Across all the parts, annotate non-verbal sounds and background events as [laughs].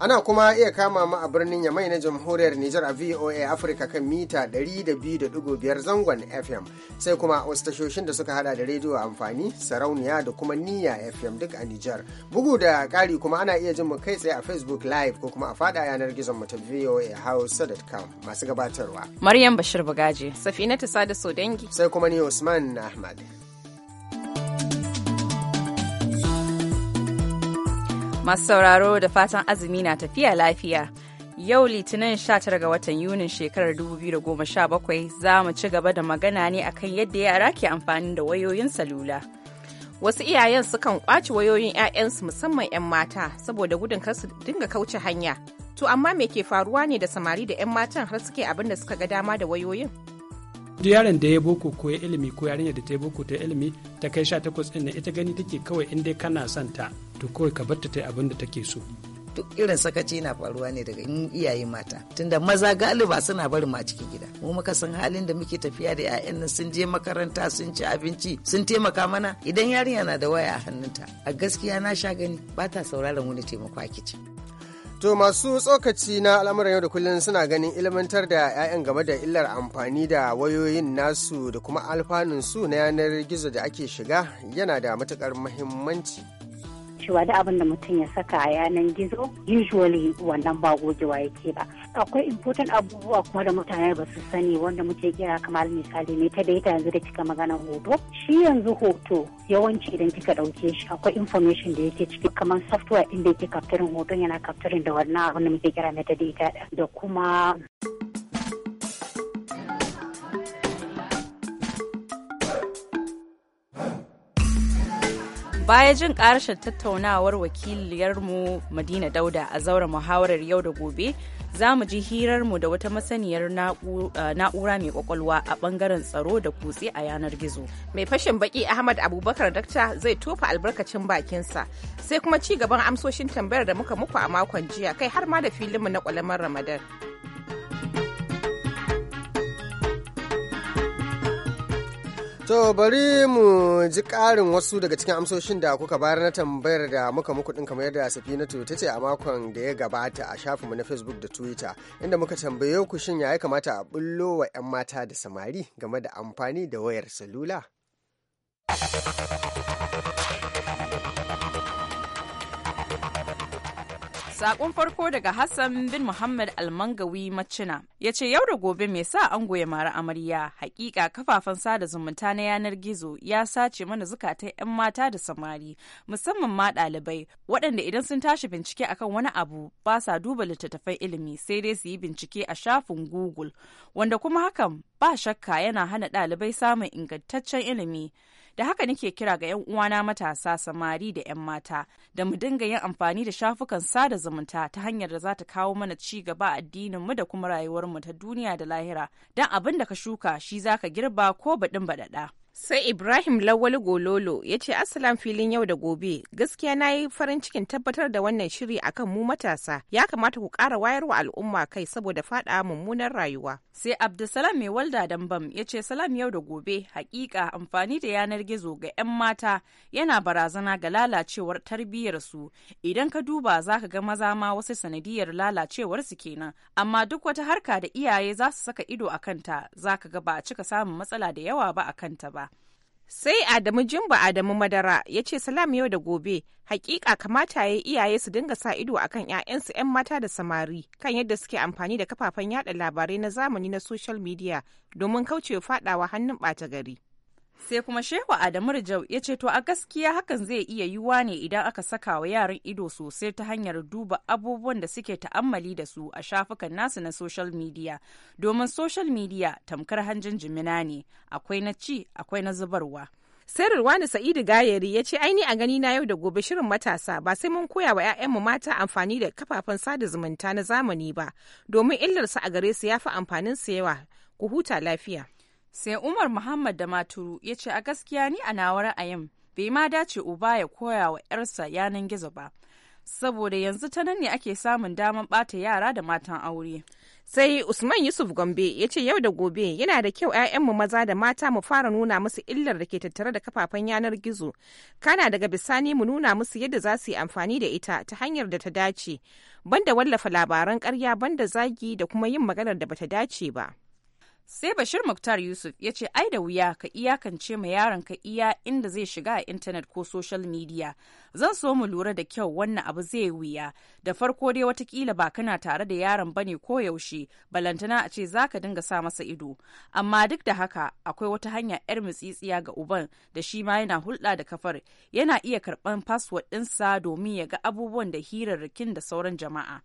ana kuma iya kama mu a birnin yamai na jamhuriyar Nijar a VOA Africa kan mita 102.5 zangon FM sai kuma wasu tashoshin da suka hada da rediyo amfani sarauniya da kuma niyya FM duk a Nijar bugu da kari kuma ana iya jin mu kai tsaye a Facebook live ko kuma a fada yanar gizon mu ta VOA Hausa.com masu gabatarwa Maryam Bashir Bugaji Safinatu Sada Sodangi sai kuma ni Usman Ahmad Masu sauraro da fatan azumi na tafiya lafiya. Yau Litinin 19 ga watan Yunin shekarar 2017 za mu ci gaba da magana ne akan yadda yara ke amfani da wayoyin salula. Wasu iyayen sukan kwaci wayoyin 'ya'yansu musamman 'yan mata saboda gudun kar su dinga kauce hanya. To amma me ke faruwa ne da samari da 'yan matan har suke abin da suka ga dama da wayoyin? duk yaron da ya boko ko ya ilimi ko yarinya da ta yi boko ta ilimi ta kai sha takwas ɗin ita gani take kawai in dai kana son ta to kawai ka barta ta abin da take so duk irin sakaci na faruwa ne daga iyaye mata tunda maza galiba suna barin ma cikin gida mu muka san halin da muke tafiya da ƴaƴan nan sun je makaranta sun ci abinci sun taimaka mana idan yarinya na da waya a hannunta a gaskiya na sha gani ba ta sauraron wani taimako a kicin To masu tsokaci na al'amuran yau da kullum suna ganin ilmantar da 'ya'yan game da illar amfani da wayoyin nasu da kuma alfanun su na yanar gizo da ake shiga yana da matukar muhimmanci. cewa da abin da mutum ya saka a yanan gizo usually wannan ba gogewa yake ba akwai important abubuwa kuma da mutane ba su sani wanda muke kira kamar misali ne ta daita yanzu da kika magana hoto shi yanzu hoto yawanci idan kika dauke shi akwai information da yake ciki kamar software inda yake capturing hoton yana capturing da wannan abin da muke kira metadata da kuma baya jin karshen tattaunawar wakiliyarmu madina dauda a zaura muhawarar yau da gobe za mu ji hirarmu da wata masaniyar eh, na'ura mai kwakwalwa a bangaren tsaro da kutse a yanar gizo mai fashin baki ahmad abubakar dakta zai tofa albarkacin bakinsa sai kuma ci gaban amsoshin tambayar da muka muku a makon jiya kai har ma da filinmu na kwalamar ramadan To bari mu ji ƙarin wasu daga cikin amsoshin da kuka bayar na tambayar da muka muku ɗin kamar yadda Safinatu ta ce a makon da ya gabata a shafinmu na Facebook da Twitter inda muka tambaye ku shin ya kamata a bullo wa 'yan mata da samari game da amfani da wayar salula. Sakon farko daga Hassan bin Muhammad Almangawi Macina ya ce yau da gobe mai sa an ya mara amarya hakika kafafen sada zumunta na yanar gizo ya sace mana zukata 'yan mata da samari musamman ma dalibai waɗanda idan sun tashi bincike akan wani abu ba sa duba littattafan ilimi sai dai su yi bincike a shafin Google wanda kuma hakan ba shakka yana hana ɗalibai samun ingantaccen ilimi. da haka nake kira ga 'yan uwana matasa samari da 'yan mata da mu dinga yin amfani da shafukan sada zumunta ta hanyar da za ta kawo mana ci gaba addinin mu da kuma rayuwar mu ta duniya da lahira don abin da ka shuka shi zaka girba ko baɗin baɗaɗa. Sai Ibrahim Lawal Gololo ya ce Assalam filin yau da gobe gaskiya na yi farin cikin tabbatar da wannan shiri akan mu matasa ya kamata ku ƙara wayarwa al'umma kai saboda faɗa mummunar rayuwa. Sai Abdulsalam mai walda dambam ya ce salam yau da gobe hakika amfani da yanar gizo ga 'yan mata yana barazana ga lalacewar tarbiyyar su idan ka duba za ka ga maza ma wasu sanadiyar lalacewar su kenan amma duk wata harka da iyaye za su saka ido a kanta za ka ga ba a cika samun matsala da yawa ba a kanta ba. sai adamu jimba adamu madara ya ce salam yau da gobe hakika kamata ya iyaye su dinga sa ido a kan 'ya'yansu 'yan mata da samari kan yadda suke amfani da kafafen yada labarai na zamani na social media domin kaucewa fadawa hannun ɓata gari sai kuma shehu adamu rijau ya ce to a gaskiya hakan zai iya yiwuwa ne idan aka saka wa yaran ido sosai ta hanyar duba abubuwan da suke ta'ammali da su a shafukan nasu na social media domin social media tamkar hanjin jimina ne akwai na ci akwai na zubarwa Sirrin wani Sa'idu Gayeri ya ce aini a gani na yau da gobe shirin matasa ba sai mun koya wa 'ya'yanmu mata amfani da kafafen sada zumunta na zamani ba domin illarsa a gare su ya fi amfanin su yawa ku huta lafiya. sai umar muhammad da maturu ya ce a gaskiya ni a nawa ra'ayin bai ma dace uba ya koya wa yarsa yanan gizo ba saboda yanzu ta nan ne ake samun damar bata yara da matan aure sai usman yusuf gombe ya ce yau da gobe yana da kyau 'ya'yanmu maza da mata mu fara nuna musu illar da ke tattare da kafafen yanar gizo kana daga bisani mu nuna musu yadda za su yi amfani da ita ta hanyar da ta dace banda wallafa labaran karya banda zagi da kuma yin maganar da bata dace ba sai bashir muktar yusuf ya ce ai da wuya ka iyakance ma yaron ka iya inda zai shiga a intanet ko social media zan so mu lura da kyau wannan abu zai wuya da farko dai watakila ba kana tare da yaron bane ko yaushe balantana a ce za ka dinga sa masa ido amma duk da haka akwai wata hanya yar mutsitsiya ga uban da shi ma yana hulɗa da kafar yana iya karɓan password ɗinsa domin ya ga abubuwan da hirarrakin da sauran jama'a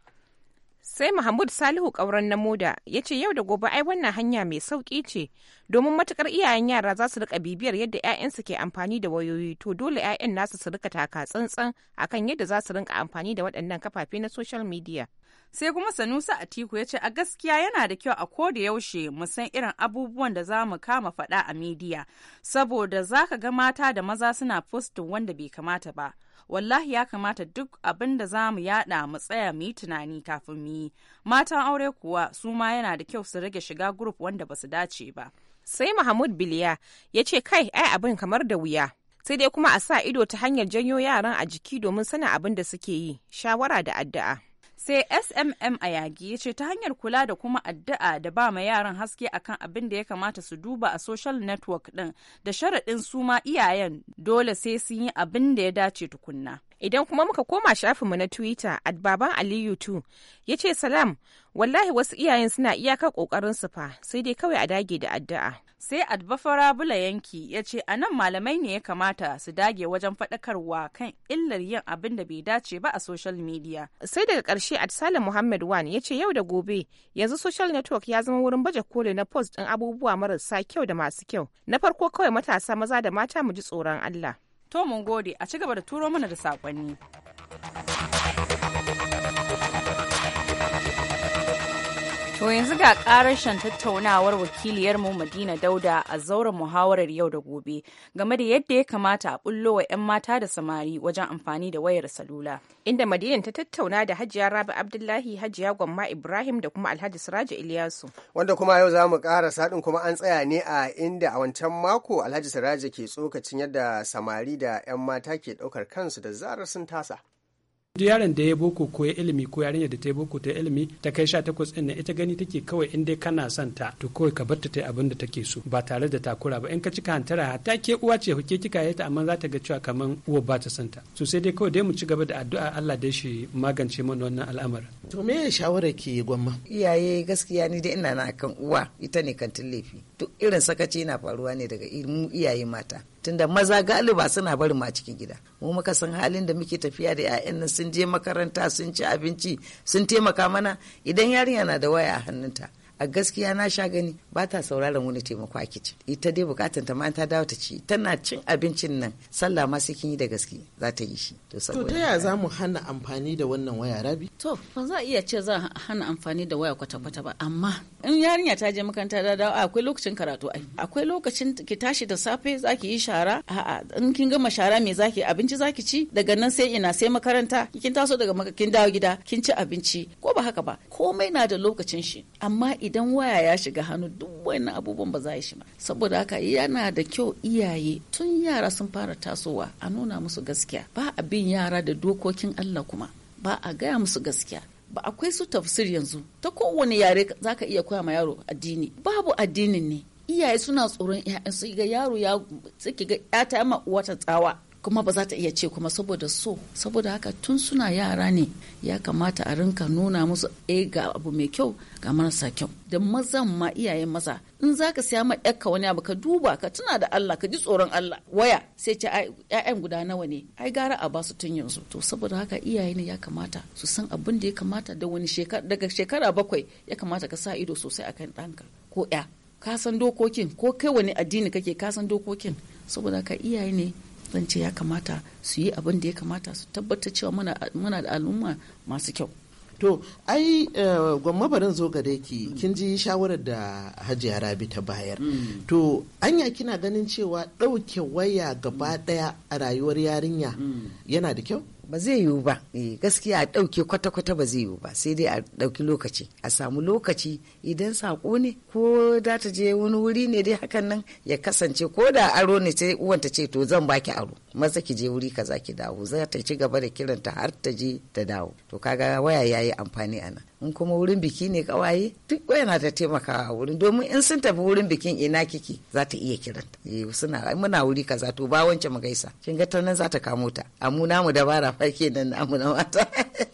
sai mahmud salihu ƙauren na moda ya ce yau da gobe ai wannan hanya mai sauƙi ce domin matukar iyayen yara za su rika bibiyar yadda 'ya'yansu ke amfani da wayoyi to dole 'ya'yan nasu su rika taka tsantsan akan yadda za su rinka amfani da waɗannan kafafe na social media sai kuma sanusa atiku ya ce a gaskiya yana da kyau a ko da yaushe mu san irin abubuwan da za mu kama faɗa a midiya saboda za ka ga mata da maza suna postin wanda bai kamata ba wallahi ya kamata duk abin da za mu yada mu tsaya mu yi tunani kafin mu yi matan aure kuwa su ma yana da kyau su rage shiga group wanda ba su dace ba sai mahmud biliya ya ce kai ai abin kamar da wuya sai dai kuma a sa ido ta hanyar janyo yaran a jiki domin sanin abin da suke yi shawara da addu'a sai smm a yagi ya ce ta hanyar kula da kuma addu'a da ba ma yaran haske akan abin da ya kamata su duba a social network din da sharaɗin su ma iyayen dole sai sun yi abin da ya dace tukunna idan kuma muka koma shafinmu na twitter at baban aliyu 2 ya ce salam wallahi wasu iyayen suna iyakar kokarin su fa sai dai kawai a dage da addu'a sai adbafara bula yanki ya ce a nan malamai ne ya kamata su dage wajen faɗakarwa kan illar yin abin da bai dace ba a social media sai daga ƙarshe adsalin muhammad wan ya ce yau da gobe yanzu social network ya zama wurin baje koli na post ɗin abubuwa marasa kyau da masu kyau na farko kawai matasa maza da mata mu ji tsoron allah to mun gode a ci gaba da turo mana da saƙonni. To yanzu ga karashen tattaunawar wakiliyarmu Madina Dauda a zauren muhawarar yau da gobe game da yadda ya kamata a bullo wa 'yan mata da samari wajen amfani da wayar salula. Inda Madina ta tattauna da Hajiya Rabi Abdullahi, Hajiya Gwamma Ibrahim da kuma Alhaji siraje Ilyasu. Wanda kuma yau za mu ƙara saɗin kuma an tsaya ne a inda a wancan mako Alhaji siraje ke tsokacin yadda samari da 'yan mata ke ɗaukar kansu da zarar sun tasa. duk yaron da ya boko ko ya ilimi ko yarinyar da ta yi boko ta ilimi ta kai sha takwas ɗin ita gani take kawai in dai kana son ta to kawai ka bar ta ta abin da take so ba tare da takura ba in ka cika hantara hatta ke uwa ce ke kika ta amma za ta ga cewa kaman uwa ba ta son ta sosai dai kawai dai mu ci gaba da addu'a Allah dai shi magance mana wannan al'amarin to me shawara ke yi gwamma iyaye gaskiya ni dai ina na kan uwa ita ne kantin laifi duk irin sakaci yana faruwa ne daga mu iyaye mata tunda maza galiba suna barin ma cikin gida mu muka san halin da muke tafiya da 'ya'yan nan sun je makaranta sun ci abinci sun taimaka mana idan yarinya na da waya a hannunta a gaskiya na sha gani ba ta sauraron wani taimako a kicin ita dai bukatan ta ma ta dawo ta ci tana cin abincin nan sallah ma sai kin yi da gaske za ta yi shi to ta ya za mu hana amfani da wannan waya rabi to ba za iya ce za hana amfani da waya kwata kwata ba amma in yarinya ta je makaranta da dawo akwai lokacin karatu ai akwai lokacin ki tashi da safe zaki yi shara a'a in kin gama shara me zaki abinci zaki ci daga nan sai ina sai makaranta kin taso daga kin dawo gida kin ci abinci ko ba haka ba komai na da lokacin shi amma idan waya ya shiga hannu duk wani abubuwan ba za shi ba saboda haka yana da kyau iyaye tun yara sun fara tasowa a nuna musu gaskiya ba a bin yara da dokokin Allah kuma ba a gaya musu gaskiya ba akwai su tafsir yanzu ta kowane yare zaka iya koya ma yaro addini babu addinin ne iyaye suna tsoron 'ya'yansu ga yaro ya ga 'ya ta ma uwa tsawa kuma ba za ta iya ce kuma saboda so saboda haka tun suna yara ne ya kamata a rinka nuna musu eh ga abu mai kyau ga marasa kyau da mazan ma iyayen maza in za ka siya ma yakka wani abu ka duba ka tuna da Allah ka ji tsoron Allah waya sai ce ƴaƴan guda nawa ne ai gara a basu tun yanzu to saboda haka iyaye ne ya kamata su san abin da ya kamata da wani shekara daga shekara bakwai ya kamata ka sa ido sosai akan ɗanka ko ƴa ka san dokokin ko kai wani addini kake ka san dokokin saboda ka iyaye ne zan ce ya kamata su yi abin da ya kamata su tabbatar cewa muna da al'umma masu kyau to ai eh, gwamma barin zo ga ki kin ji shawarar da hajiya rabi ta bayar mm. to anya kina ganin cewa ɗauke waya gaba ɗaya a rayuwar yarinya mm. yana da kyau ba zai yiwu ba eh, gaskiya a ɗauke kwata-kwata ba zai yiwu ba sai dai a ɗauki lokaci a samu lokaci idan saƙo ne ko da ta je wani wuri ne dai hakan nan ya kasance ko da aro ne sai uwan ta ce to zan baki aro maza ki je wuri kaza ki dawo za ta ci gaba da kiranta har ta je ta dawo to kaga waya yayi amfani a nan in kuma wurin biki ne kawaye duk yana ta taimakawa wurin domin in sun tafi wurin bikin ina kiki za ta iya kiran eh, suna muna wuri kaza to ba wancan mu gaisa kin ga nan za ta kamo ta amu namu dabara fa kenan namu na mata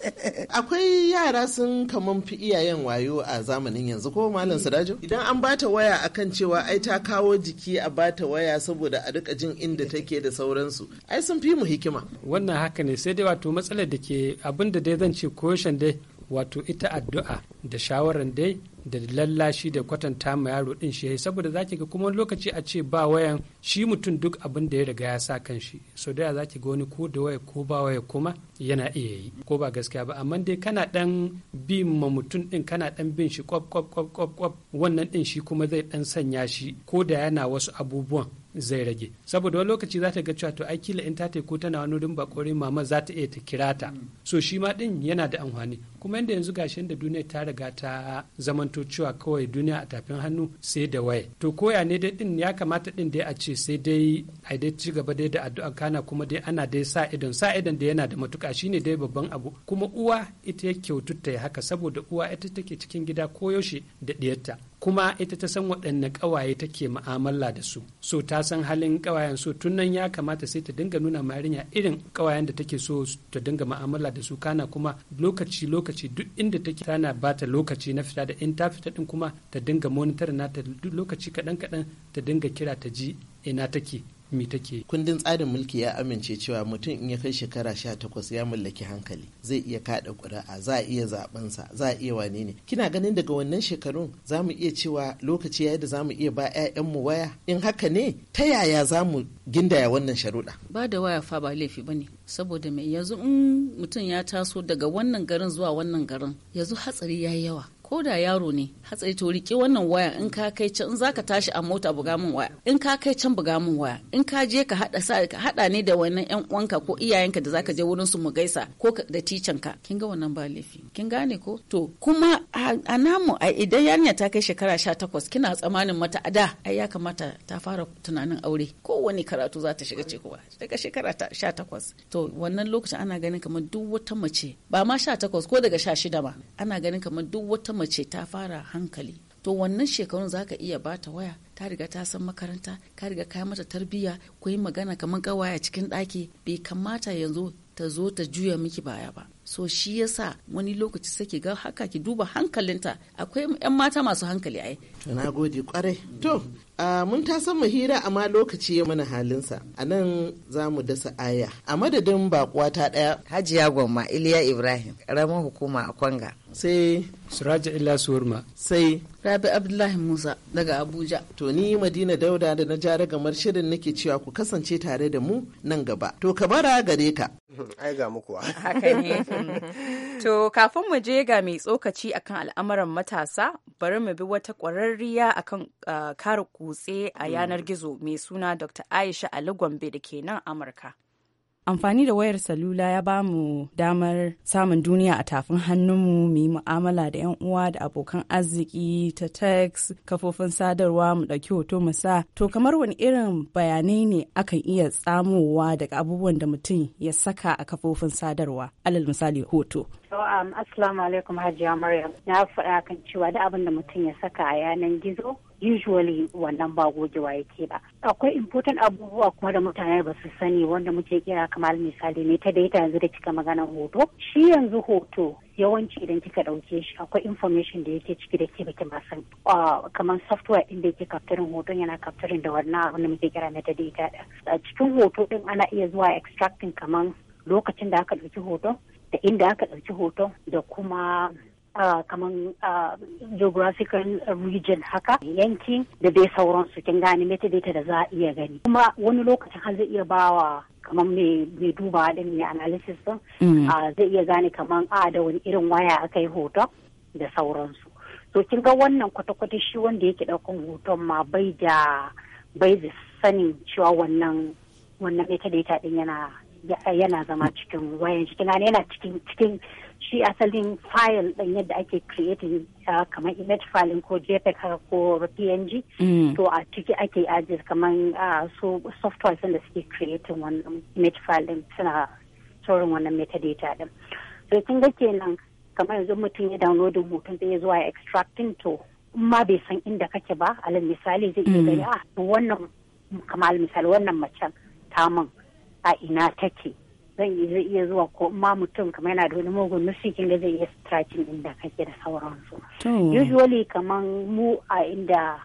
[laughs] akwai yara sun kaman fi iyayen wayo a zamanin yanzu ko malam eh. sadajo idan an bata waya akan cewa ai ta kawo jiki a bata waya saboda a rika jin inda take da sauransu ai sun fi mu hikima wannan haka ne sai dai wato matsalar da ke abinda dai zan ce koshin dai wato ita addu'a da shawaran dai da lallashi da kwatanta ma yaro din shi saboda zaki ga kuma lokaci a ce ba wayan shi mutum duk abin da ya riga ya sa kan shi so da zaki ga wani ko da waya ko ba waya kuma yana iya yi ko ba gaskiya ba amma dai kana dan bi ma mutum din kana dan bin shi kwab kwab kwab wannan din shi kuma zai dan sanya shi ko da yana wasu abubuwan zai rage saboda wani lokaci za ta ga cewa to aikila in ta ko tana wani wurin kore mama za ta iya ta kira ta mm. so shi ma din yana da amfani kuma yadda yanzu gashin da duniya ta riga ta zamanto cewa kawai duniya a tafin hannu sai da waya to koya ne dai din ya kamata din dai a ce sai dai a dai ci gaba dai da addu'a kana kuma dai ana dai sa idon sa idon da yana da matuka shine dai babban abu kuma uwa ita ya kyautu ta haka saboda uwa ita take cikin gida koyaushe da ɗiyarta. kuma ita ta san waɗanne ƙawaye take ma'amala da su so ta san halin ƙawayen so tun nan ya kamata sai ta dinga nuna ma irin ƙawayen da take so ta dinga ma'amala da su kana kuma lokaci lokaci lokaci duk inda take tana bata lokaci na fita da in ta fita din kuma ta dinga monitor ta duk lokaci kaɗan kaɗan ta dinga kira ta ji ina take me take kundin tsarin mulki ya amince cewa mutum in ya kai shekara sha takwas ya mallaki hankali zai iya kada ƙuri'a za a iya zabensa za a iya wane ne kina ganin daga wannan shekarun za mu iya cewa lokaci yayi da za mu iya ba mu waya in haka ne ta yaya za mu gindaya wannan sharuɗa ba da waya fa ba laifi bane saboda me yanzu in mutum ya taso daga wannan garin zuwa wannan garin yanzu hatsari yayi yawa ko da yaro ne hatsari to riƙe wannan waya in ka kai can in zaka tashi a mota buga min waya in ka kai can buga min waya in ka je ka hada sa ka hada ne da wannan yan uwanka ko iyayenka da zaka je wurin su mu gaisa ko da tican ka kin ga wannan ba laifi kin gane ko to kuma a namu a idan yarinya ta kai shekara 18 kina tsamanin mata a da ai ya kamata ta fara tunanin aure ko wani karatu za ta shiga cikuwa daga shekara 18 to wannan lokacin ana ganin kamar duk wata mace ba ma 18 ko daga 16 ma ana ganin kamar duk wata mace ta fara hankali to wannan shekarun za ka iya bata waya ta riga ta san makaranta ka riga ka mata tarbiyya ku yi magana kamar kawaya cikin ɗaki bai kamata yanzu ta zo ta juya miki baya ba so shi yasa wani lokaci sake ga haka ki duba hankalinta akwai yan mata masu hankali ai to na gode kwarai to mun ta mu hira amma lokaci ya mana halinsa a nan za mu dasa aya a madadin bakuwa ta ɗaya. hajiya gwamma iliya ibrahim ƙaramin hukuma a kwanga sai suraja illa suwarma sai rabi abdullahi musa daga abuja to ni madina dauda da na jara gamar shirin nake cewa ku kasance tare da mu nan gaba to kabara gare ka [laughs] ai ga muku [laughs] haka ne to kafin mu je ga mai tsokaci akan al'amuran matasa bari mu bi wata ƙwararriya akan ah, kare ku dutse a mm. yanar gizo mai suna dr aisha ali gombe da ke nan amurka amfani da wayar salula ya ba mu damar samun duniya a tafin hannunmu mu yi mu'amala da 'yan uwa da abokan arziki ta text kafofin sadarwa mu ɗauki hoto mu sa to kamar wani irin bayanai ne akan iya tsamowa daga abubuwan da mutum ya saka a kafofin sadarwa alal misali hoto So, um, Assalamu alaikum Hajiya Maryam. Na faɗa kan cewa da abin da mutum ya saka a yanar gizo usually wannan ba gogewa yake ba akwai important abubuwa kuma da mutane ba su sani wanda muke kira kamar misali ne ta data yanzu da kika maganan hoto shi yanzu hoto yawanci idan kika ɗauke shi akwai information da yake ciki da ke baki masan kamar software ɗin da yake capturing hoton yana capturing da wannan abin da muke kira data a cikin hoto ɗin ana iya zuwa extracting kamar lokacin da aka ɗauki hoton da inda aka ɗauki hoton da kuma Uh, kaman uh, geographical region haka yanki da dai sauransu kin gane metadata da za a iya gani kuma wani lokacin har zai iya bawa kamar mai duba din mai analysis din zai iya gane kaman a da wani irin waya aka yi hoton da sauransu so kin ga wannan kwata-kwata shi wanda yake daukan hoton ma bai da bai da sanin cewa wannan wannan metadata din yana yana zama cikin wayan cikin yana cikin cikin shi asalin file ɗin yadda ake creating uh, kamar image file ko jpeg ko png mm. to a ciki ake ajiye kamar uh, su software da suke creating wannan image file ɗin suna tsorin wannan metadata ɗin so sun ga kenan kamar yanzu mutum ya download mutum zai zuwa ya extracting to ma bai san inda kake ba alal misali zai iya mm. gani ah, wannan kamar misali wannan macen ta a ina take zan zai iya zuwa ko ma mutum kama yana da wani mugun nufi kin ga zai iya stretching inda kake da sauransu usually kaman mu a inda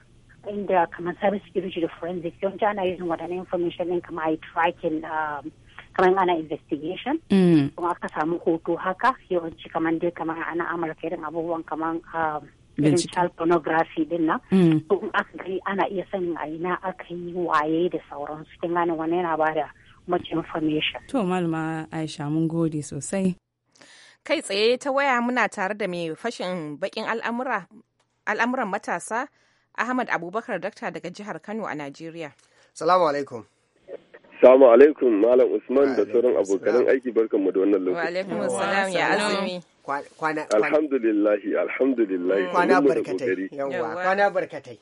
inda kaman service security da forensic yawanci ana yin wadana information din kama ai tracking um, kaman ana investigation mm. kuma aka samu hoto haka yawanci kaman dai kaman ana amurka irin abubuwan kaman um, irin child pornography din nan mm. to aka gani ana iya sanin a ina aka yi waye da sauransu kin gane wani yana bada much information. To malama Aisha mun gode sosai. Kai tsaye ta waya muna tare da mai fashin bakin al'amuran matasa Ahmad Abubakar Dakta daga jihar Kano a Najeriya. Salamu alaikum. Salamu alaikum Malam Usman da sauran abokan aiki mu da wannan lokaci. Wa alaikum salam ya azumi. Alhamdulillahi alhamdulillahi. Kwana barkatai. Yawwa kwana barkatai.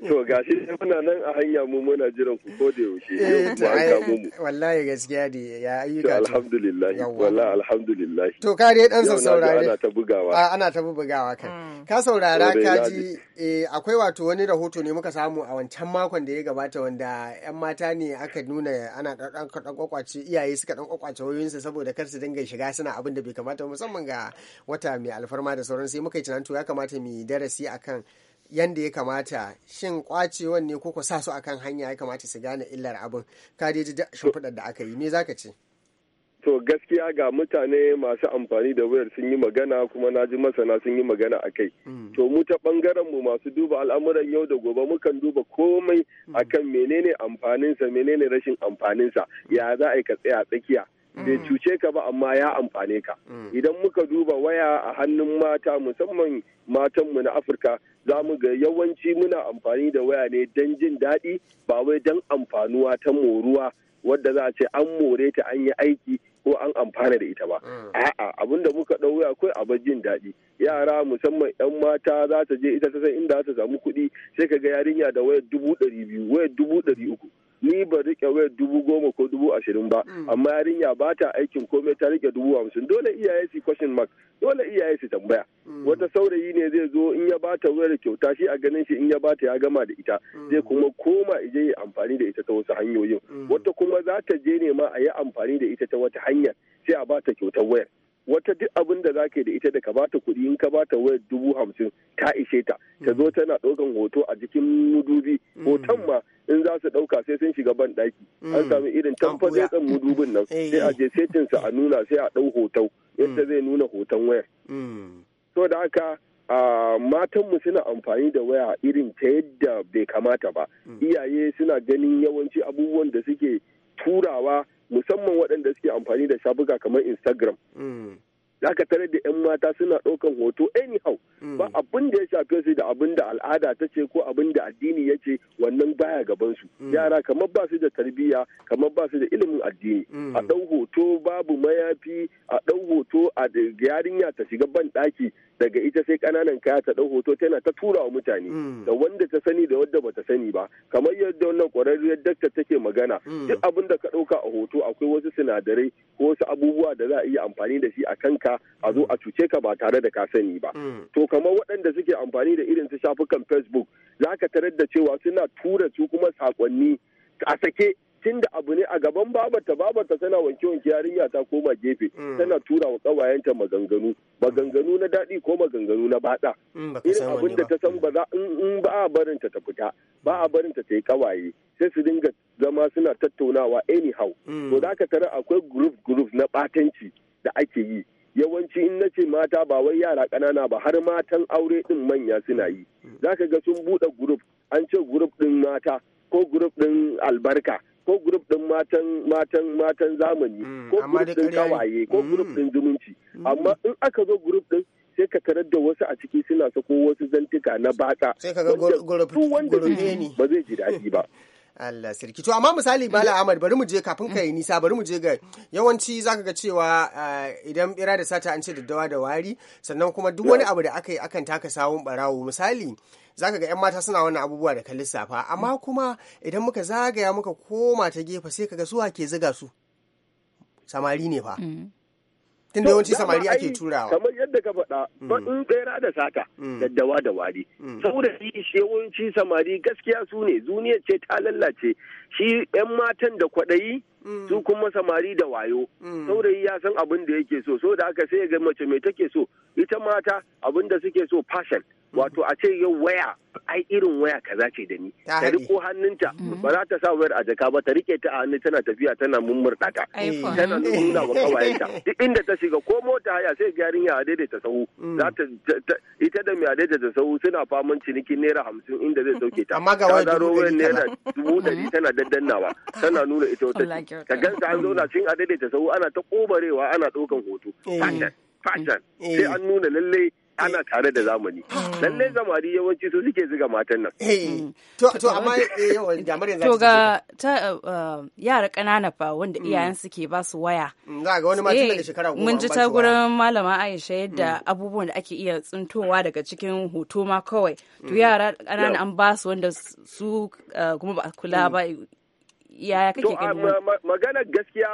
To gashi muna nan a hanya mu muna jiran ku ko da yaushe eh, yau ku an kamo mu. Wallahi gaskiya ne ya ayyuka. To alhamdulillah wallahi alhamdulillah. To ka dai dan saurare. Ana ta bugawa. Ah, ana ta bugawa kan. Hmm. Ka saurara ka ji eh, akwai wato wani rahoto ne muka samu a wancan makon da ya gabata wanda yan mata ne aka nuna ana dan dan kwakwace iyaye suka dan kwakwace su saboda kar su dinga shiga suna abin da bai kamata musamman ga wata mai alfarma da sauran sai muka yi tunanin to ya kamata mu darasi akan yanda ya kamata shin kwacewan ne ko sa su akan hanya ya kamata su gane illar abin ka dai shimfiɗar da aka yi me zaka ce to gaskiya ga mutane masu amfani da wayar sun yi magana kuma na ji masana sun yi magana a kai mm. to mu ta ɓangaren mu masu duba al'amuran yau da gobe mukan duba komai mm. akan menene amfaninsa menene rashin amfaninsa ya za a yi ka tsaya tsakiya bai mm. cuce ka ba amma ya amfane ka mm. idan muka duba waya a hannun mata musamman mu na afirka za mu ga yawanci muna amfani da waya ne don jin daɗi ba wai don amfanuwa ta moruwa wadda za a ce an more ta an yi aiki ko an amfana da ita ba mm. a'a abin da muka ɗau waya kai abin jin daɗi yara musamman yan mata za ta je ita ta san inda za ta samu kuɗi sai ka ga yarinya da wayar dubu ɗari biyu wayar dubu ɗari uku ni ba rike wayar dubu goma ko dubu ashirin ba mm. amma yarinya ba ta aikin komai ta rike dubu hamsin dole iyaye su question mark dole iyaye su tambaya mm. wata saurayi ne zai zo in ya bata wayar kyauta shi a ganin shi in ya bata ya gama da ita mm. zai kuma koma ije yi amfani da ita ta wasu hanyoyin wata kuma za ta je ne ma a yi amfani da ita ta wata hanyar sai a bata kyautar wayar wata duk abin da zake da ita da ka bata kuɗi in ka bata wayar dubu hamsin ta ishe ta ta zo tana ɗaukan hoto a jikin mudubi mm. hoton ma in za su ɗauka sai sun shiga ban ɗaki mm. an sami irin tamfa zai ɗan mudubin nan eh, sai a je eh. setinsa a nuna sai a ɗau hoto yadda mm. zai nuna hoton wayar. so da haka matan matanmu suna amfani da waya irin ta yadda bai kamata ba iyaye suna ganin yawanci abubuwan da suke turawa musamman waɗanda suke amfani da shafuka kamar instagram mm. za ka tare da 'yan mata suna ɗaukan hoto anyhow mm. ba abin da ya shafe su da abin da al'ada ta ce ko abin da addini ya ce wannan baya gaban su mm. yara kamar ba su da tarbiyya kamar ba su da ilimin addini a ɗau hoto babu mayafi a ɗau hoto a yarinya ta shiga ban ɗaki daga ita sai kananan kaya ta ɗau hoto tana ta tura wa mutane mm. da wanda ta sani da wadda bata sani ba kamar yadda wannan kwararriyar dakta take magana mm. duk abin da ka ɗauka a hoto akwai wasu sinadarai ko wasu abubuwa da za a iya amfani da shi a kanka a zo a cuce ka ba tare da ka sani ba mm. to kamar waɗanda suke amfani da irin su shafukan facebook za ka tarar da cewa suna tura su kuma saƙonni a sake tun da abu ne a gaban babarta babarta tana wanke wanke yarinya ta koma gefe mm. tana tura wa kawayenta maganganu maganganu na daɗi ko maganganu na bada mm, irin abin da ta san ba za in ba a barinta ta fita ba a barinta ta yi kawaye sai su dinga zama suna tattaunawa anyhow mm. to za ka tara akwai group group na batanci da ake yi yawanci in na ce mata ba wai yara ƙanana ba har matan aure ɗin manya suna yi za ka ga sun buɗe group an ce group ɗin mata ko group ɗin albarka ko grup din matan matan matan zamani hmm, ko grup din kawaye ko hmm. grup din zumunci hmm. amma in aka zo grup din sai ka tarar da wasu a ciki suna sako wasu zantuka na batsa sai ka ga wanda ba zai ji dadi ba [laughs] Allah sirki to amma misali bala Ahmad bari mu je kafin kai mm. nisa bari mu je ga yawanci zaka ga cewa eh, idan bira da sata an ce daddawa da wari sannan kuma duk wani abu da aka yi akan taka sawun barawo misali zaka ga 'yan mata suna wannan abubuwa da ka lissafa amma mm. kuma idan muka zagaya muka koma ta gefe sai kaga suwa ke ziga su samari ne fa mm. tunda yawanci samari ake turawa kamar yadda ka faɗa mm. baɗin tsera mm. da sata daddawa da wari mm. saboda shi yawanci samari gaskiya su ne duniyar ce ta lallace shi 'yan matan da kwaɗayi su kuma samari da wayo saurayi ya san abin da yake so so da haka sai ya ga mace mai take so ita mata abin da suke so fashion wato a ce yau waya ai irin waya kaza ce da ni ta riko hannunta mm-hmm. ba za ta sa wayar a jaka ba ta rike ta a hannu tana tafiya tana mummurɗa ta eh. tana nuna wa kawayenta [laughs] duk inda ta shiga ko mota haya sai gyarin ya daidaita sahu mm. za ta ita da mai daidaita sahu suna faman ciniki naira hamsin inda zai sauke ta amma ga wayar naira dubu dari mm-hmm. tana daddannawa tana nuna ita wata ka ganta an zauna cin a daidaita sahu ana ta kobarewa ana ɗaukan hoto eh. fashan mm. eh. sai an nuna lallai ana eh. tare da zamani ah. lallai zamani yawanci su suke ziga matan nan eh. hmm. to amma eh, [laughs] jamar yanzu to ga uh, yara ƙanana fa wanda hmm. iyayen suke ba su waya hmm, za ga wani ma da shekara goma mun ji ta gurin malama Aisha yadda abubuwan da ake iya tsintowa daga cikin hoto ma kawai to yara ƙanana an ba su wanda su uh, kuma ba kula ba yaya kake to magana gaskiya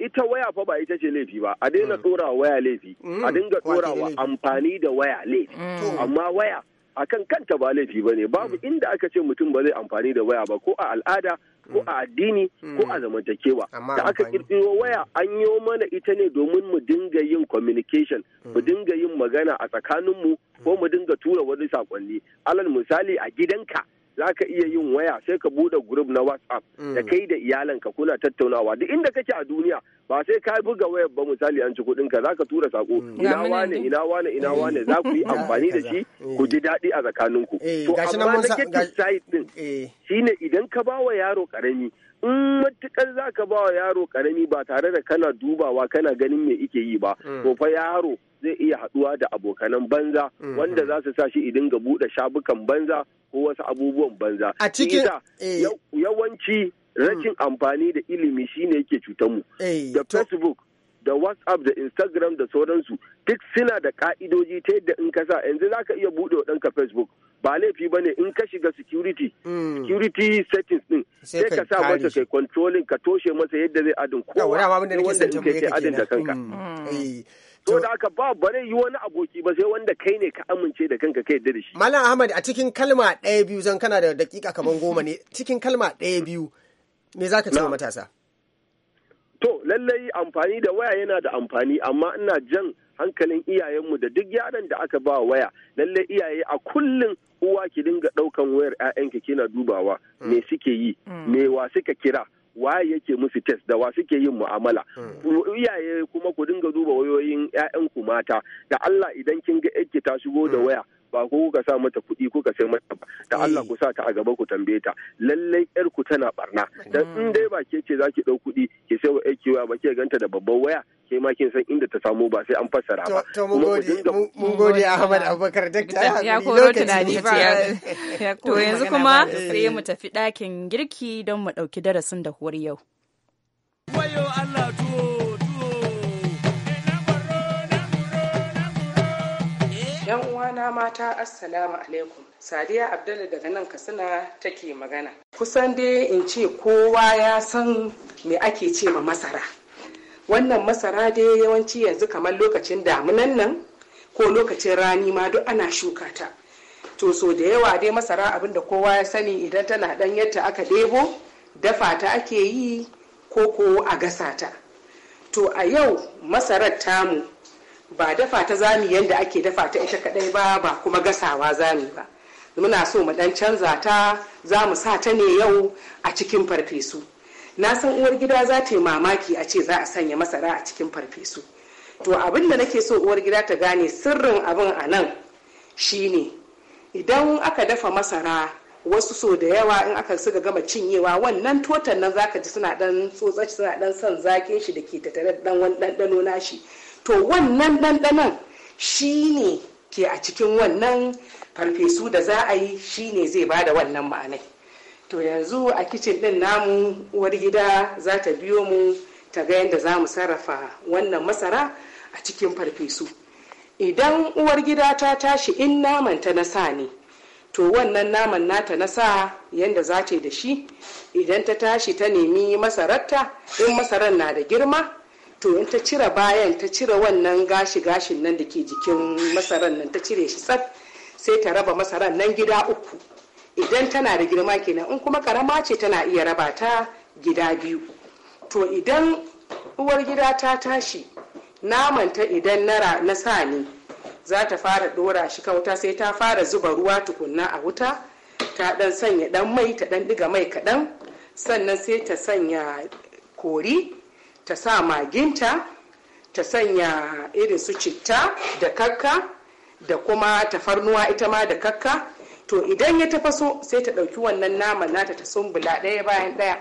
ita waya fa ba ita ce laifi ba a daina dora mm. waya laifi a mm. dinga dora amfani da waya laifi amma waya akan kanta ba laifi ba ne babu mm. inda aka ce mutum ba zai amfani da waya ba ko a al'ada ko a addini ko a zamantakewa da aka kirkiro waya an yi mana ita ne domin mu dinga yin communication mu dinga yin magana a tsakaninmu ko mu dinga tura wani sakonni alal misali a gidanka za ka iya yin waya sai ka bude group na whatsapp mm. da kai da iyalanka kuna tattaunawa duk inda kake a duniya ba sai ka buga wayar ba misali an ci kudinka za ka tura sako mm. ina wane ina wane eh. ina wane za ku yi [laughs] amfani da shi eh. ku ji daɗi a tsakaninku eh, to amma na side din shine idan ka ba wa yaro karami in matukar za ka ba wa yaro karami ba tare da kana dubawa kana ganin me ike yi ba mm. to fa yaro zai iya haɗuwa da abokanan banza mm. wanda za su sa shi idin ga buɗe shabukan banza ko wasu abubuwan banza a cikin eh. yawanci rashin mm. amfani da ilimi shine yake cutar mu eh, da facebook da whatsapp da instagram da sauransu duk suna da ka'idoji ta yadda in ka sa yanzu za ka iya bude wa ɗanka facebook ba laifi ba ne in ka shiga security mm. security settings din sai ka sa masa kai controlling ka toshe masa yadda zai adin kowa wanda kai adin da kanka mm. Mm. Eh, to da aka ba bare yi wani aboki ba sai wanda kai ne ka amince da kanka kai da shi malam ahmad a cikin kalma ɗaya biyu zan kana da dakika kaman goma ne cikin kalma ɗaya biyu me zaka ce matasa to lallai amfani da waya yana da amfani amma ina jan hankalin iyayenmu da duk yaran da aka ba waya lallai iyaye a kullum uwa ki dinga ɗaukan wayar 'ya'yanki kina dubawa mm. me suke yi mm. me wa suka kira waye yake musu test da wa suke yin mu'amala mm. iyaye kuma ku dinga duba wayoyin 'ya'yanku mata da Allah idan kin ga yake ta shigo da waya ba ko kuka sa mata kuɗi kuka sai mata ba da eh. Allah ku sa ta a gaba ku tambaye ta lallai yar ku tana barna dan in dai ba ke ce zaki dau kuɗi ki sai wa yake waya ba ke ganta da babban waya sai ma kin san inda ta samu ba sai an fassara ba. To mun gode mun gode Ahmad Abubakar dakta [laughs] ya koro tunani ba. To yanzu kuma sai mu tafi ɗakin girki don mu ɗauki darasin da huwar yau. Allah tuwo. yan uwana mata assalamu alaikum sadiya Abdullahi daga nan katsina take magana kusan dai in ce kowa ya san me ake ce ma masara wannan masara dai yawanci yanzu kamar lokacin damunan nan ko lokacin rani ma duk ana shuka ta to so da yawa dai masara abinda kowa ya sani idan tana dan yadda aka debo dafa ta ake yi ko ko a gasa ta to a yau masarar tamu ba dafa ta zami yadda ake dafa ta ita kadai ba ba kuma gasawa zami ba muna so mu dan canza ta za mu sa ta ne yau a cikin farfesu na san uwar gida za ta yi mamaki a ce za a sanya masara a cikin farfesu to abin da nake so uwar gida ta gane sirrin abin a nan shine idan aka dafa masara wasu so da yawa in aka suka gama cinyewa wannan totan nan zaka ji suna dan tsotsa suna dan son zakin shi da ke tattare da ɗanɗano wani ɗanɗano nashi to wannan ɗanɗanon shine ke a cikin wannan farfesu da za a yi shi ne zai bada wannan ma'anai to yanzu a kicin ɗin namu uwar gida za ta biyo mu ta ga yadda za mu sarrafa wannan masara a cikin farfesu idan uwar gida ta tashi in naman ta na sa ne to wannan naman nata na sa yadda za ta yi da shi idan ta tashi ta nemi masararta in masarar na da girma to in ta cire bayan ta cire wannan gashi gashin nan da ke jikin masarar nan ta cire shi tsat sai ta raba masarar nan gida uku idan tana da girma kenan in kuma karama ce tana iya raba ta gida biyu to idan uwar gida ta tashi namanta idan na sa ne za ta fara dora shi kawuta sai ta fara zuba ruwa tukunna a wuta ta dan sanya dan mai ta dan diga mai kaɗan sannan sai ta sanya kori ta sa maginta ta sanya irin su citta da kakka da kuma tafarnuwa ita ma da kakka to idan ya tafaso sai ta ɗauki wannan naman nata ta sumbula ɗaya bayan ɗaya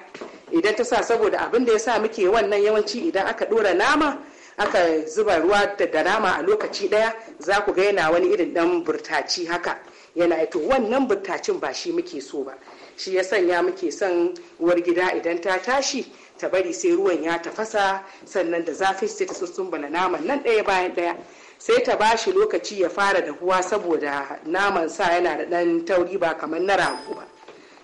idan ta sa saboda abin da ya sa muke wannan yawanci idan aka ɗora nama aka zuba ruwa da nama a lokaci ɗaya za ku ga yana wani irin ɗan burtaci haka yana to wannan burtacin ba shi muke so ba shi ya sanya muke son uwar gida idan ta tashi ta bari sai ruwan ya tafasa sannan da zafi sai ta sussumbala naman nan ɗaya bayan ɗaya sai ta ba shi lokaci ya fara dahuwa saboda naman sa yana da ɗan tauri ba kamar na rago ba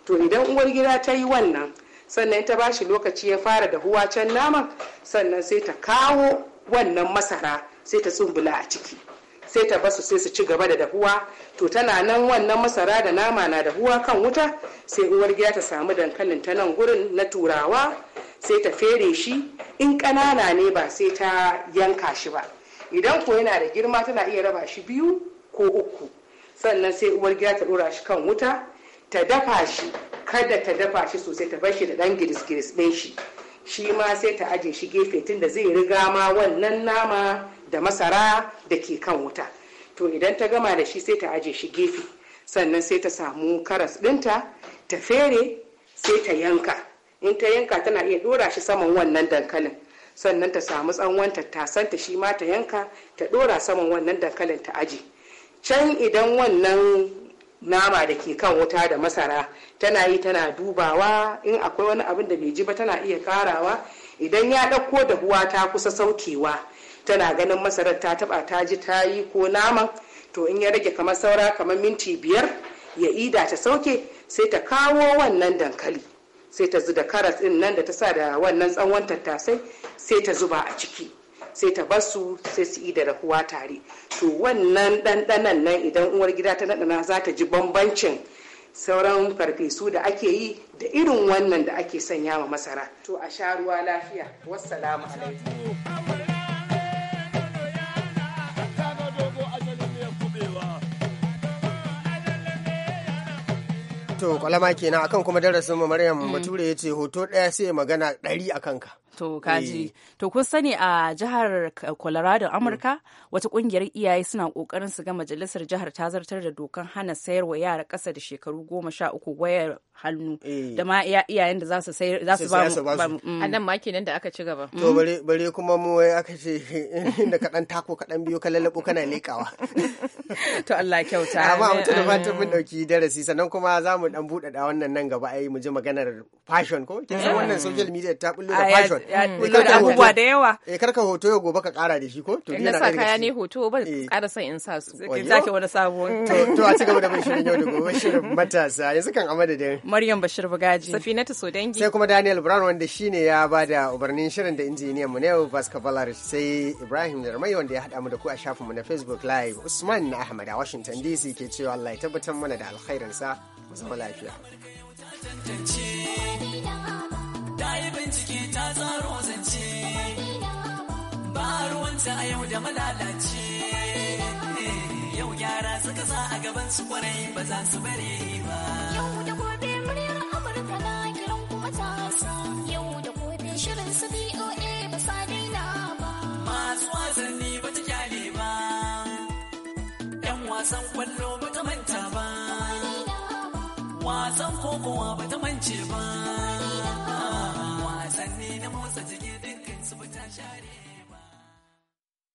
to idan uwar gida ta yi wannan sannan ta ba shi lokaci ya fara dahuwa can naman sannan sai ta kawo wannan masara sai ta tsumbula a ciki sai ta basu sai su ci gaba da dahuwa to tana nan wannan masara da nama na dahuwa kan wuta sai uwar gida ta samu dankalin ta nan gurin na turawa sai ta fere shi in ƙanana ne ba sai ta yanka shi ba idan ko yana da girma tana iya raba shi biyu ko uku sannan sai uwar gida ta dora shi kan wuta ta dafa shi kada ta dafa shi sosai ta bar shi da dan giris giris ɗin shi shi ma sai ta aje shi gefe tun da zai riga ma wannan nama da masara da ke kan wuta to idan ta gama da shi sai ta aje shi gefe sannan sai ta samu karas ɗinta ta fere sai ta yanka in ta yanka tana iya dora shi saman wannan dankalin sannan ta samu tsawon tattasanta shi ma ta yanka ta ɗora saman wannan dankalin ta aji can idan wannan nama da ke kan wuta da masara tana yi tana dubawa in akwai wani abin da bai ji ba tana iya karawa idan ya ɗauko da huwa ta kusa saukewa tana ganin masarar ta taba ta ji ta yi ko naman to in ya rage kamar saura kamar minti biyar ya ida ta sauke sai ta kawo wannan dankali sai ta zuda karas din nan da ta sa da wannan tsawon tattasai sai ta zuba a ciki sai ta bar su sai su yi da rahuwa tare to wannan ɗanɗanan nan idan uwar gida ta naɗana za ta ji bambancin sauran farfesu da ake yi da irin wannan da ake sanya wa masara to a sha ruwa lafiya wassalamu alaikum Wato kwalama kenan akan kuma darasin mu Maryam Bature ya ce hoto ɗaya sai magana ɗari a kanka. To kaji. Eh. To kun sani a jihar Colorado mm. Amurka wata kungiyar iyaye suna kokarin su ga majalisar jihar ta zartar da dokan hana sayar wa yara kasa da shekaru goma sha uku wayar hannu eh. da ma iyayen da za su za su ba mm. A nan maki nan da aka ci gaba. To mm. bare kuma mu wai aka ce [laughs] inda kaɗan tako kaɗan biyu ka lallabo kana leƙawa. [laughs] To Allah kyauta. Amma mutum da fatan mun ɗauki darasi sannan kuma za mu ɗan buɗaɗa wannan nan gaba ai mu ji maganar fashion ko? Kin san eh. wannan social media ta ɓullo da fashion. Hmm. kula da abubuwa da yawa eh karka hoto ya gobe ka kara da shi ko to ina sa kaya ne hoto ba kara eh. son in sa su ki zaki wani sabon to a cigaba da bin shirin yau da gobe shirin matasa yanzu kan amada da Maryam Bashir Bugaji Safinatu Sodangi sai kuma Daniel Brown wanda shine ya bada ubarnin shirin da injiniyan mu ne Pascal Balarish sai Ibrahim Darmai wanda ya hada mu da ku a shafin mu na Facebook Live Usman na Ahmad a Washington DC ke cewa Allah ya tabbatar mana da alkhairinsa mu zama lafiya. tsaro zance ba ruwanta a yau da malalace yau gyara suka sa a gaban su kwarai ba za su bare ba yau da gobe amurka na kiran kuma ta yau da gobe shirin su boa ba sa daina ba masu wasanni ba ta kyale ba yan wasan kwallo ba ta manta ba wasan kokowa ba ta mance ba Shawty.